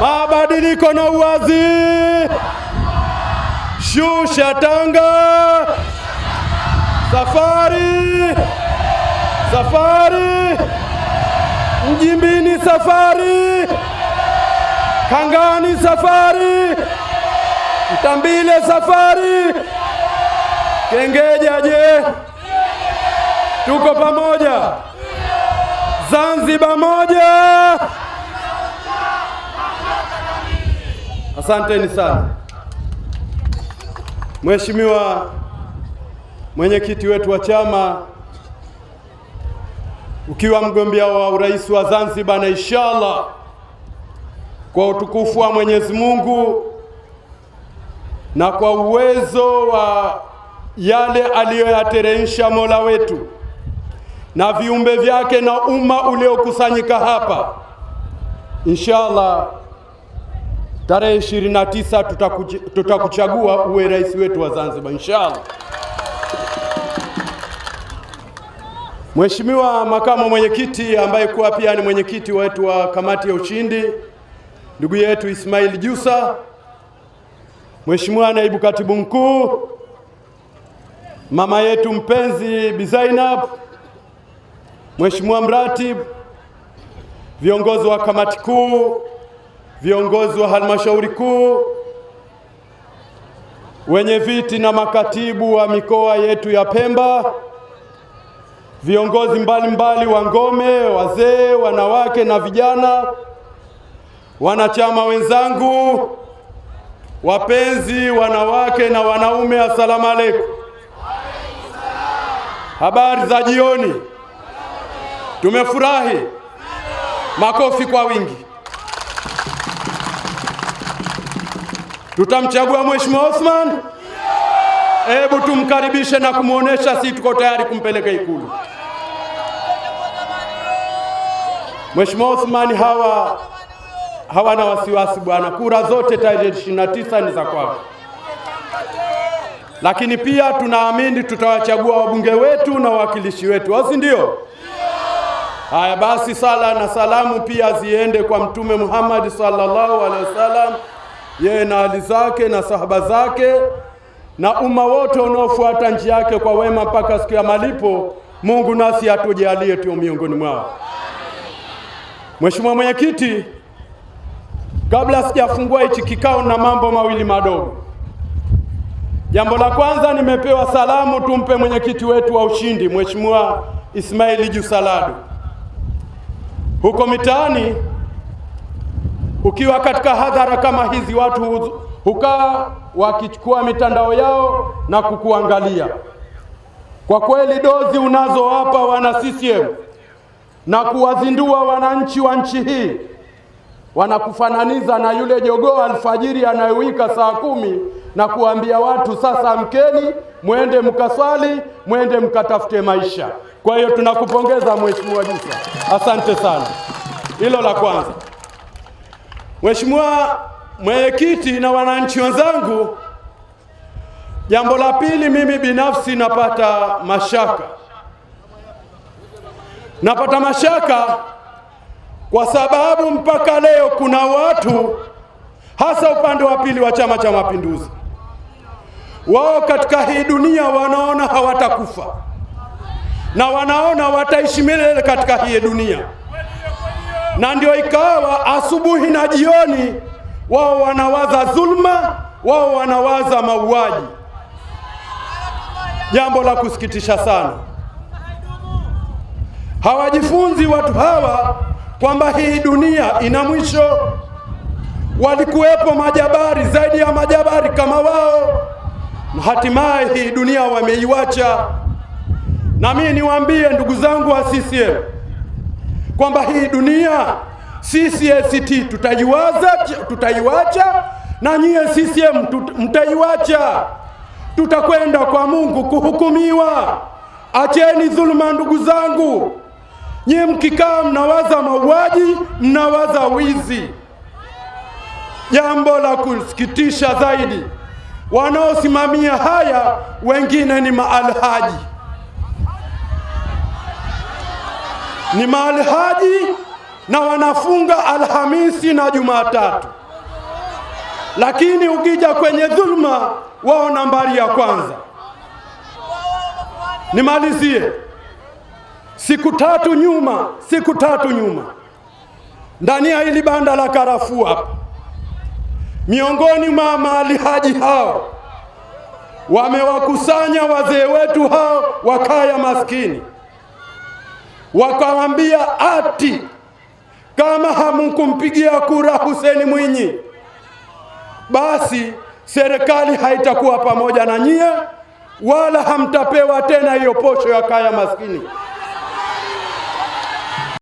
mabadiliko na uwazi. Shusha tanga, safari safari, Mjimbini safari, Kangani safari, Mtambile safari, Kengeja je, tuko pamoja. Zanzibar moja Asanteni sana. Mheshimiwa mwenyekiti wetu wa chama, ukiwa mgombea wa urais wa Zanzibar, na inshallah kwa utukufu wa Mwenyezi Mungu na kwa uwezo wa yale aliyoyateremsha Mola wetu na viumbe vyake na umma uliokusanyika hapa, inshallah Tarehe 29 tutakuch tutakuchagua uwe rais wetu wa Zanzibar inshallah. Mheshimiwa makamu mwenyekiti ambaye kuwa pia ni mwenyekiti wetu wa kamati ya ushindi ndugu yetu Ismail Jusa, Mheshimiwa naibu katibu mkuu mama yetu mpenzi Bi Zainab, Mheshimiwa mratibu, viongozi wa kamati kuu viongozi wa halmashauri kuu, wenye viti na makatibu wa mikoa yetu ya Pemba, viongozi mbalimbali wa ngome, wazee, wanawake na vijana, wanachama wenzangu, wapenzi wanawake na wanaume, asalamu aleikum. Habari za jioni. Tumefurahi, makofi kwa wingi. Tutamchagua Mheshimiwa Othman. Hebu tumkaribishe na kumwonyesha si tuko tayari kumpeleka Ikulu. Mheshimiwa Othman hawa hawana wasiwasi bwana, kura zote tarehe 29 ni za kwako, lakini pia tunaamini tutawachagua wabunge wetu na wawakilishi wetu, au si ndio? Haya basi, sala na salamu pia ziende kwa Mtume Muhammad sallallahu alaihi wasallam yeye na ali zake na sahaba zake na umma wote unaofuata njia yake kwa wema mpaka siku ya malipo. Mungu nasi atujalie tu miongoni mwao. Mheshimiwa Mwenyekiti, kabla sijafungua hichi kikao na mambo mawili madogo. Jambo la kwanza, nimepewa salamu tumpe mwenyekiti wetu wa ushindi Mheshimiwa Ismaili Jusalado huko mitaani ukiwa katika hadhara kama hizi, watu hukaa wakichukua mitandao yao na kukuangalia. Kwa kweli, dozi unazowapa wana CCM na kuwazindua wananchi wa nchi hii wanakufananiza na yule jogoo alfajiri anayowika saa kumi na kuambia watu sasa, mkeni mwende mkaswali, mwende mkatafute maisha. Kwa hiyo tunakupongeza Mheshimiwa Jussa, asante sana. Hilo la kwanza. Mheshimiwa Mwenyekiti na wananchi wenzangu, jambo la pili, mimi binafsi napata mashaka, napata mashaka kwa sababu mpaka leo kuna watu hasa upande wa pili wa Chama cha Mapinduzi, wao katika hii dunia wanaona hawatakufa na wanaona wataishi milele katika hii dunia na ndio ikawa asubuhi na jioni wao wanawaza dhulma, wao wanawaza mauaji. Jambo la kusikitisha sana. Hawajifunzi watu hawa kwamba hii dunia ina mwisho. Walikuwepo majabari zaidi ya majabari kama wao, hatimaye hii dunia wameiwacha. Na mimi niwaambie ndugu zangu wa CCM kwamba hii dunia sisi ACT tutaiwaza, tutaiwacha na nyie CCM mtaiwacha. Tutakwenda kwa Mungu kuhukumiwa. Acheni dhuluma, ndugu zangu. Nyie mkikaa mnawaza mauaji, mnawaza wizi. Jambo la kusikitisha zaidi, wanaosimamia haya wengine ni maalhaji. ni haji na wanafunga Alhamisi na Jumatatu, lakini ukija kwenye dhulma wao nambari ya kwanza. Nimalizie, siku tatu nyuma, siku tatu nyuma, ndani ya hili banda la karafuu hapa, miongoni mwa haji hao wamewakusanya wazee wetu hao wa kaya maskini wakawambia ati kama hamkumpigia kura huseni Mwinyi, basi serikali haitakuwa pamoja na nyie, wala hamtapewa tena hiyo posho ya kaya maskini.